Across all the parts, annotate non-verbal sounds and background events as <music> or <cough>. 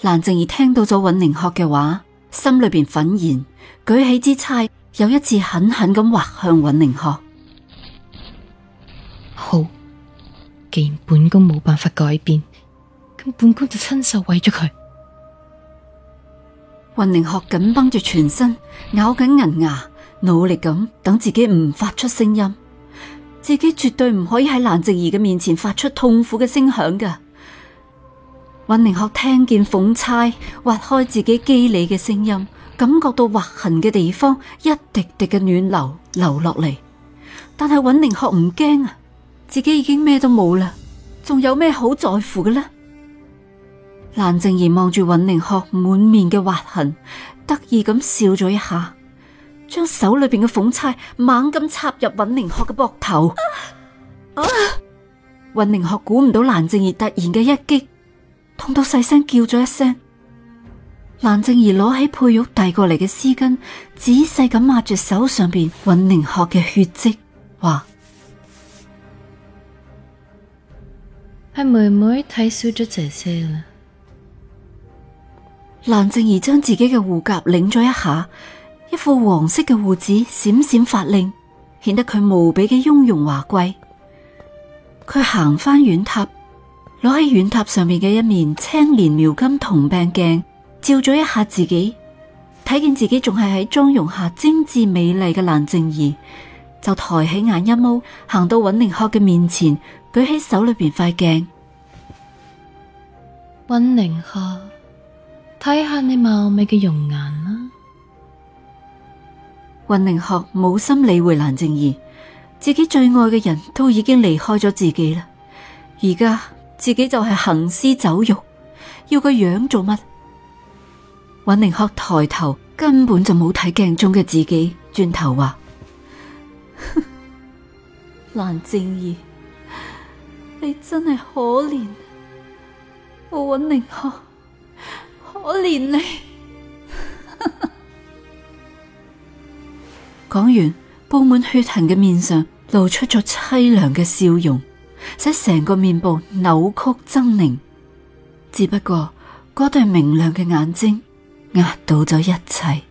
蘭靜兒聽到咗尹寧學嘅話，心裏邊忿然，舉起支釵，又一次狠狠咁劃向尹寧學。好，既然本宮冇辦法改變，咁本宮就親手毀咗佢。尹寧學緊繃住全身，咬緊銀牙，努力咁等自己唔發出聲音，自己絕對唔可以喺蘭靜兒嘅面前發出痛苦嘅聲響嘅。尹寧學聽見鳳釵劃開自己肌理嘅聲音，感覺到劃痕嘅地方一滴滴嘅暖流流落嚟。但係尹寧學唔驚啊，自己已經咩都冇啦，仲有咩好在乎嘅呢？蘭靜怡望住尹寧學滿面嘅劃痕，得意咁笑咗一下，將手裏邊嘅鳳釵猛咁插入尹寧學嘅膊頭。啊啊、尹寧學估唔到蘭靜怡突然嘅一擊。痛到細聲叫咗一聲，蘭靜兒攞起佩玉遞過嚟嘅絲巾，仔細咁抹住手上邊尹寧學嘅血迹，話：，係妹妹睇小咗姐姐啦。蘭靜兒將自己嘅護甲擰咗一下，一副黃色嘅護指閃閃發亮，顯得佢無比嘅雍容華貴。佢行翻軟塔。攞喺軟塔上面嘅一面青蓮描金銅柄鏡照咗一下自己，睇見自己仲係喺妝容下精致美麗嘅蘭靜儀，就抬起眼一摸，行到尹寧鶴嘅面前，舉起手裏邊塊鏡，尹寧鶴，睇下你貌美嘅容顏啦。尹寧鶴冇心理會蘭靜儀，自己最愛嘅人都已經離開咗自己啦，而家。自己就係行屍走肉，要個樣做乜？尹寧鶴抬頭，根本就冇睇鏡中嘅自己，轉頭話：哼，蘭靜兒，你真係可憐，我尹寧鶴可憐你。講 <laughs> 完，布滿血痕嘅面上露出咗淒涼嘅笑容。使成個面部扭曲猙獰，只不過嗰對明亮嘅眼睛壓倒咗一切。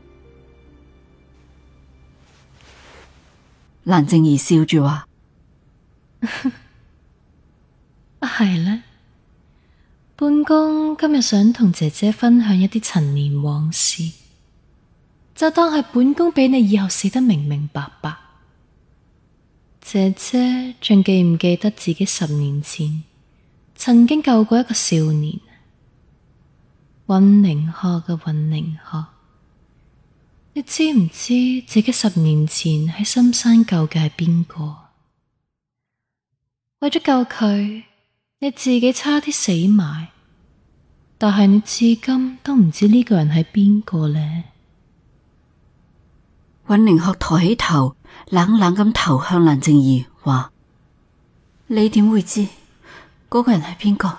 蘭靜兒笑住話：啊係呢，本宮今日想同姐姐分享一啲陳年往事，就當係本宮俾你以後死得明明白白。姐姐仲記唔記得自己十年前曾經救過一個少年？尹寧鶴嘅尹寧鶴，你知唔知自己十年前喺深山救嘅係邊個？為咗救佢，你自己差啲死埋，但係你至今都唔知呢個人係邊個呢？尹寧鶴抬起頭，冷冷咁投向藍靜儀，話：你點會知嗰、那個人係邊個？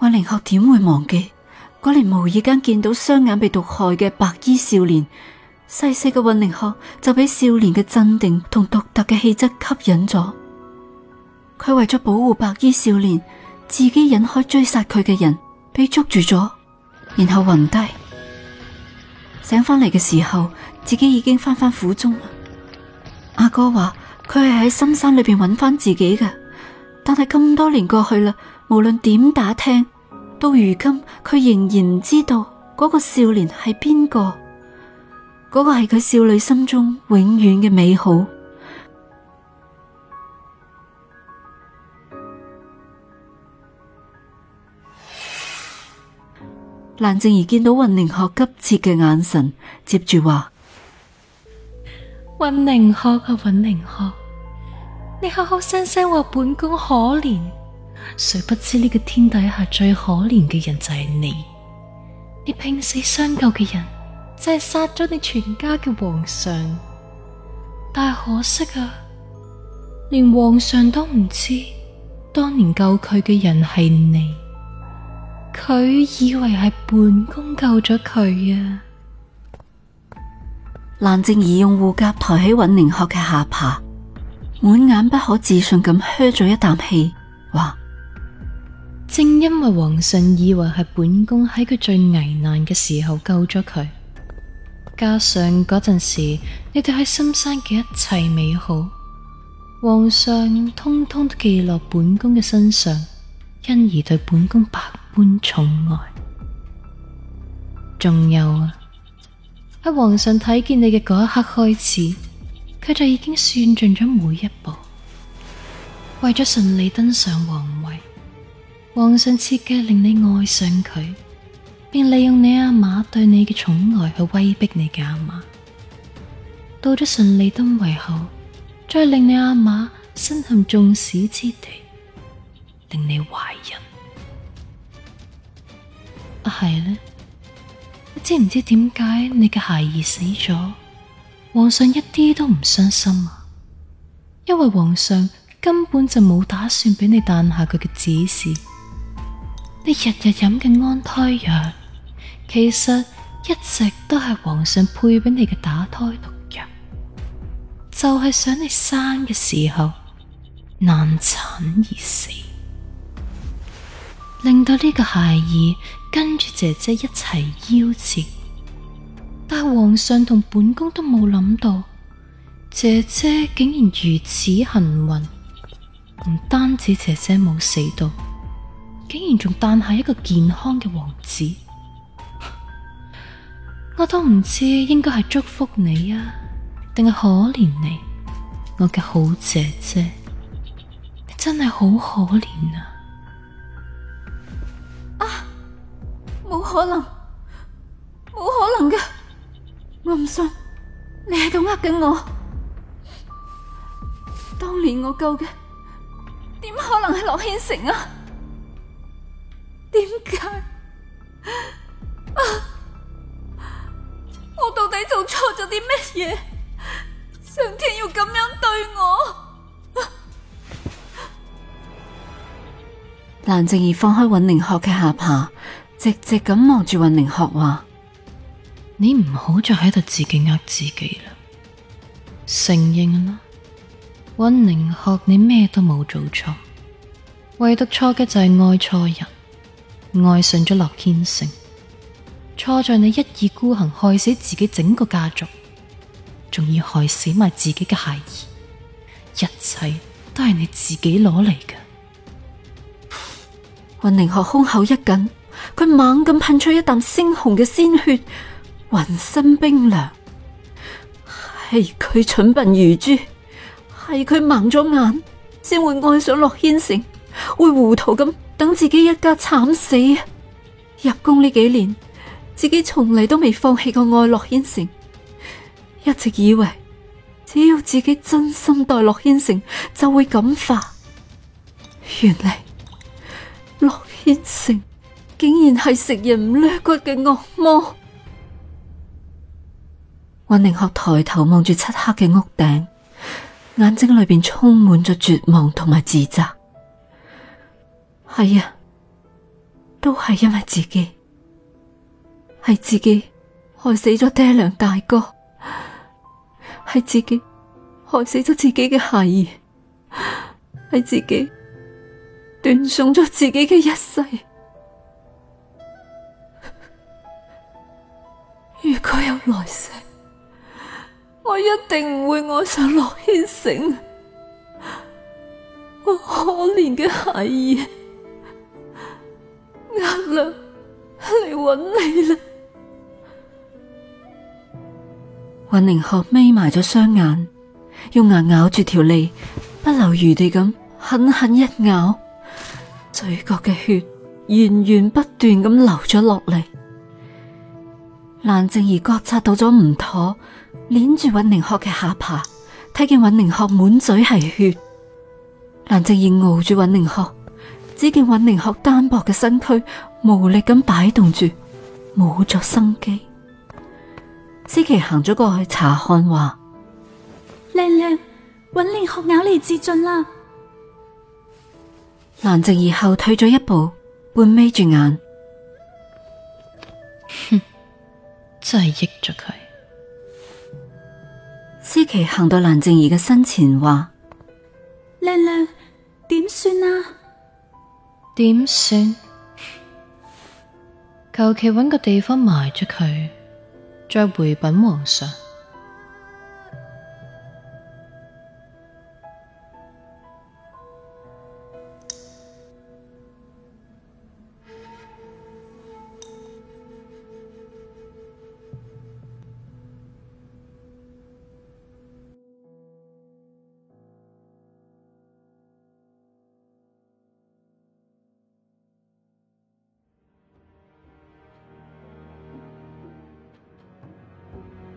尹寧鶴點會忘記嗰年無意間見到雙眼被毒害嘅白衣少年，細細嘅尹寧鶴就俾少年嘅鎮定同獨特嘅氣質吸引咗。佢為咗保護白衣少年，自己引開追殺佢嘅人，被捉住咗，然後暈低。醒翻嚟嘅時候，自己已經翻返府中。阿哥話佢係喺深山裏邊揾翻自己嘅，但係咁多年過去啦，無論點打聽，到如今佢仍然唔知道嗰個少年係邊個。嗰個係佢少女心中永遠嘅美好。蘭靜兒見到溫寧鶴急切嘅眼神，接住話：溫寧鶴啊，溫寧鶴，你口口聲聲話本宮可憐，誰不知呢個天底下最可憐嘅人就係你，你拼死相救嘅人就係殺咗你全家嘅皇上，但係可惜啊，連皇上都唔知當年救佢嘅人係你。佢以為係本宮救咗佢啊！蘭靜儀用護甲抬起尹寧鶴嘅下巴，滿眼不可置信咁噓咗一啖氣，話：正因為皇上以為係本宮喺佢最危難嘅時候救咗佢，加上嗰陣時你哋喺深山嘅一切美好，皇上通通都記落本宮嘅身上。因而對本宮百般寵愛，仲有啊，喺皇上睇見你嘅嗰一刻開始，佢就已經算盡咗每一步，為咗順利登上皇位，皇上設計令你愛上佢，並利用你阿瑪對你嘅寵愛去威逼你嘅阿瑪，到咗順利登位後，再令你阿瑪身陷眾矢之的。定你懷孕啊，係咧，你知唔知點解你嘅孩兒死咗？皇上一啲都唔傷心啊，因為皇上根本就冇打算俾你誕下佢嘅子嗣。你日日飲嘅安胎藥，其實一直都係皇上配俾你嘅打胎毒藥，就係、是、想你生嘅時候難產而死。令到呢個孩兒跟住姐姐一齊夭折，但皇上同本宮都冇諗到，姐姐竟然如此幸運，唔單止姐姐冇死到，竟然仲誕下一個健康嘅王子， <laughs> 我都唔知應該係祝福你呀，啊，定係可憐你，我嘅好姐姐，你真係好可憐啊！可能冇可能噶，我唔信你喺度呃緊我。當年我救嘅點可能係洛軒城啊？點解啊，我到底做錯咗啲乜嘢？上天要咁樣對我？啊，蘭靜兒放開尹寧學嘅下巴。直直咁望住云寧學話：你唔好再喺度自己呃自己啦，承認啦，云寧學你咩都冇做錯，唯獨錯嘅就係愛錯人，愛上咗樂天成，錯在你一意孤行，害死自己整個家族，仲要害死埋自己嘅孩兒，一切都係你自己攞嚟嘅。云寧學胸口一緊。佢猛咁噴出一啖鮮紅嘅鮮血，渾身冰涼。係佢蠢笨如豬，係佢盲咗眼，先會愛上樂軒城，會糊塗咁等自己一家慘死。入宮呢幾年，自己從嚟都未放棄過愛樂軒城，一直以為只要自己真心待樂軒城，就會感化。原來樂軒城，竟然係食人唔掠骨嘅惡魔，溫寧學抬頭望住漆黑嘅屋頂，眼睛裏面充滿咗絕望同埋自責。係啊，都係因為自己，係自己害死咗爹娘大哥，係自己害死咗自己嘅孩兒，係自己斷送咗自己嘅一世。.如果有來世，我一定唔會愛上洛軒城。我可憐嘅孩兒，阿亮嚟揾你啦。溫寧學眯埋咗雙眼，用牙咬住條脷，不留餘地咁狠狠一咬，嘴角嘅血源源不斷咁流咗落嚟。蘭靜兒覺察到咗唔妥，捏住尹寧學嘅下巴，睇見尹寧學滿嘴係血。蘭靜兒抱住尹寧學，只見尹寧學單薄嘅身軀無力咁擺動住，冇咗生機。思琪行咗過去查看，話：靚靚，尹寧學咬嚟，自盡啦！蘭靜兒後退咗一步，半眯住眼。真係益咗佢。思琪 <noise> 行到蘭靜儀嘅身前，話：娘娘，點算啊？點算？求其揾個地方埋咗佢，再回禀皇上。